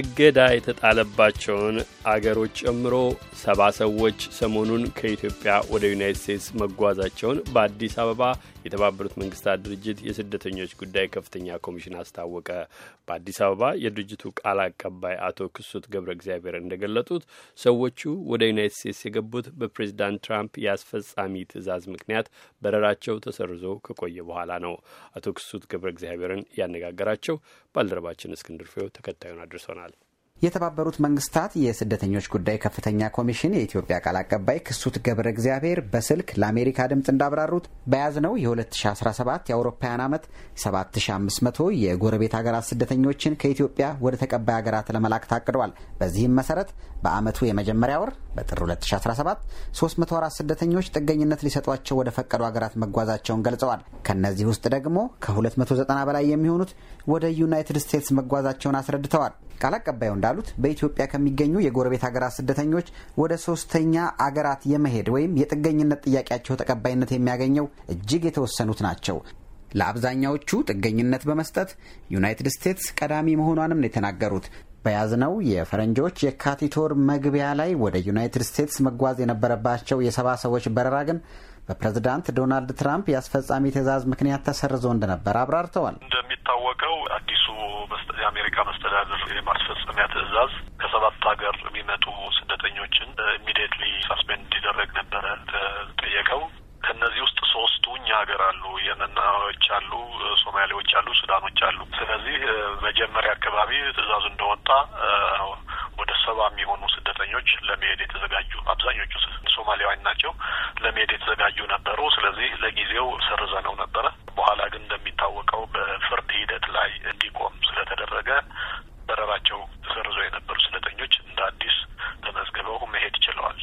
እገዳ የተጣለባቸውን አገሮች ጨምሮ ሰባ ሰዎች ሰሞኑን ከኢትዮጵያ ወደ ዩናይት ስቴትስ መጓዛቸውን በአዲስ አበባ የተባበሩት መንግስታት ድርጅት የስደተኞች ጉዳይ ከፍተኛ ኮሚሽን አስታወቀ። በአዲስ አበባ የድርጅቱ ቃል አቀባይ አቶ ክሱት ገብረ እግዚአብሔር እንደገለጡት ሰዎቹ ወደ ዩናይት ስቴትስ የገቡት በፕሬዚዳንት ትራምፕ የአስፈጻሚ ትዕዛዝ ምክንያት በረራቸው ተሰርዞ ከቆየ በኋላ ነው። አቶ ክሱት ገብረ እግዚአብሔርን ያነጋገራቸው ባልደረባችን እስክንድር ፍሬው ተከታዩን አድርሰናል። የተባበሩት መንግስታት የስደተኞች ጉዳይ ከፍተኛ ኮሚሽን የኢትዮጵያ ቃል አቀባይ ክሱት ገብረ እግዚአብሔር በስልክ ለአሜሪካ ድምፅ እንዳብራሩት በያዝነው የ2017 የአውሮፓውያን ዓመት 7500 የጎረቤት ሀገራት ስደተኞችን ከኢትዮጵያ ወደ ተቀባይ ሀገራት ለመላክ ታቅደዋል። በዚህም መሰረት በአመቱ የመጀመሪያ ወር በጥር 2017 304 ስደተኞች ጥገኝነት ሊሰጧቸው ወደ ፈቀዱ ሀገራት መጓዛቸውን ገልጸዋል። ከእነዚህ ውስጥ ደግሞ ከ290 በላይ የሚሆኑት ወደ ዩናይትድ ስቴትስ መጓዛቸውን አስረድተዋል። ቃል አቀባዩ እንዳሉት በኢትዮጵያ ከሚገኙ የጎረቤት ሀገራት ስደተኞች ወደ ሶስተኛ አገራት የመሄድ ወይም የጥገኝነት ጥያቄያቸው ተቀባይነት የሚያገኘው እጅግ የተወሰኑት ናቸው። ለአብዛኛዎቹ ጥገኝነት በመስጠት ዩናይትድ ስቴትስ ቀዳሚ መሆኗንም ነው የተናገሩት። በያዝነው የፈረንጆች የካቲት ወር መግቢያ ላይ ወደ ዩናይትድ ስቴትስ መጓዝ የነበረባቸው የሰባ ሰዎች በረራ ግን በፕሬዝዳንት ዶናልድ ትራምፕ የአስፈጻሚ ትዕዛዝ ምክንያት ተሰርዞ እንደነበር አብራርተዋል። እንደሚታወቀው አዲሱ የአሜሪካ መስተዳድር አሉ፣ ሶማሌዎች አሉ፣ ሱዳኖች አሉ። ስለዚህ መጀመሪያ አካባቢ ትዕዛዙ እንደወጣ ወደ ሰባ የሚሆኑ ስደተኞች ለመሄድ የተዘጋጁ አብዛኞቹ ሶማሊያውያን ናቸው፣ ለመሄድ የተዘጋጁ ነበሩ። ስለዚህ ለጊዜው ሰርዘ ነው ነበረ። በኋላ ግን እንደሚታወቀው በፍርድ ሂደት ላይ እንዲቆም ስለተደረገ በረራቸው ተሰርዞ የነበሩ ስደተኞች እንደ አዲስ ተመዝግበው መሄድ ችለዋል።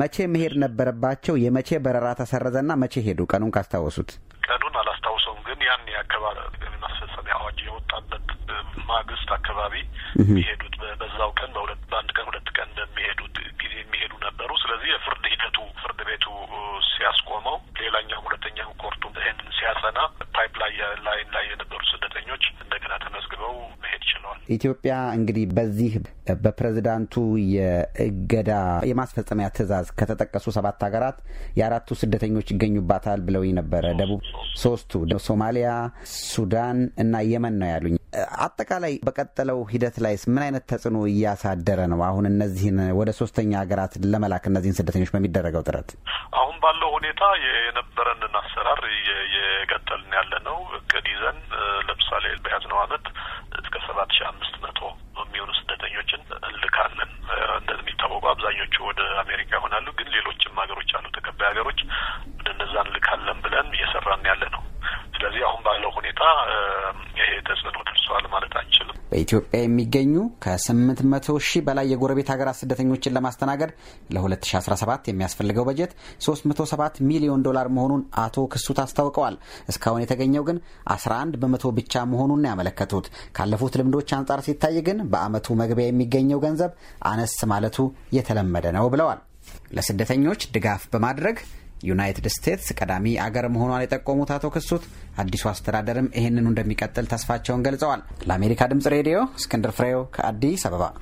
መቼ መሄድ ነበረባቸው? የመቼ በረራ ተሰረዘና መቼ ሄዱ? ቀኑን ካስታወሱት ቀኑን ያን የአካባቢ ማስፈጸሚያ አዋጅ የወጣበት ማግስት አካባቢ የሚሄዱት በዛው ቀን በሁለት በአንድ ቀን ኢትዮጵያ እንግዲህ በዚህ በፕሬዝዳንቱ የእገዳ የማስፈጸሚያ ትዕዛዝ ከተጠቀሱ ሰባት ሀገራት የአራቱ ስደተኞች ይገኙባታል ብለውኝ ነበረ። ደቡብ ሶስቱ ሶማሊያ፣ ሱዳን እና የመን ነው ያሉኝ። አጠቃላይ በቀጠለው ሂደት ላይ ምን አይነት ተጽዕኖ እያሳደረ ነው? አሁን እነዚህን ወደ ሶስተኛ ሀገራት ለመላክ እነዚህን ስደተኞች በሚደረገው ጥረት አሁን ባለው ሁኔታ የነበረንን አሰራር እየቀጠልን ያለ ነው። እቅድ ይዘን ለምሳሌ አምስት መቶ የሚሆኑ ስደተኞችን እንልካለን። እንደሚታወቀው አብዛኞቹ ወደ አሜሪካ ይሆናሉ፣ ግን ሌሎችም ሀገሮች አሉ፣ ተቀባይ ሀገሮች ወደ እነዛ እንልካለን ብለን እየሰራን ያለ ነው። ስለዚህ አሁን ባለው ሁኔታ ይሄ ተጽዕኖ ደርሰዋል ማለት አንችልም። በኢትዮጵያ የሚገኙ ከ800 ሺህ በላይ የጎረቤት ሀገራት ስደተኞችን ለማስተናገድ ለ2017 የሚያስፈልገው በጀት 307 ሚሊዮን ዶላር መሆኑን አቶ ክሱት አስታውቀዋል። እስካሁን የተገኘው ግን 11 በመቶ ብቻ መሆኑን ያመለከቱት ካለፉት ልምዶች አንጻር ሲታይ ግን በአመቱ መግቢያ የሚገኘው ገንዘብ አነስ ማለቱ የተለመደ ነው ብለዋል። ለስደተኞች ድጋፍ በማድረግ ዩናይትድ ስቴትስ ቀዳሚ አገር መሆኗን የጠቆሙት አቶ ክሱት አዲሱ አስተዳደርም ይህንኑ እንደሚቀጥል ተስፋቸውን ገልጸዋል። ለአሜሪካ ድምጽ ሬዲዮ እስክንድር ፍሬው ከአዲስ አበባ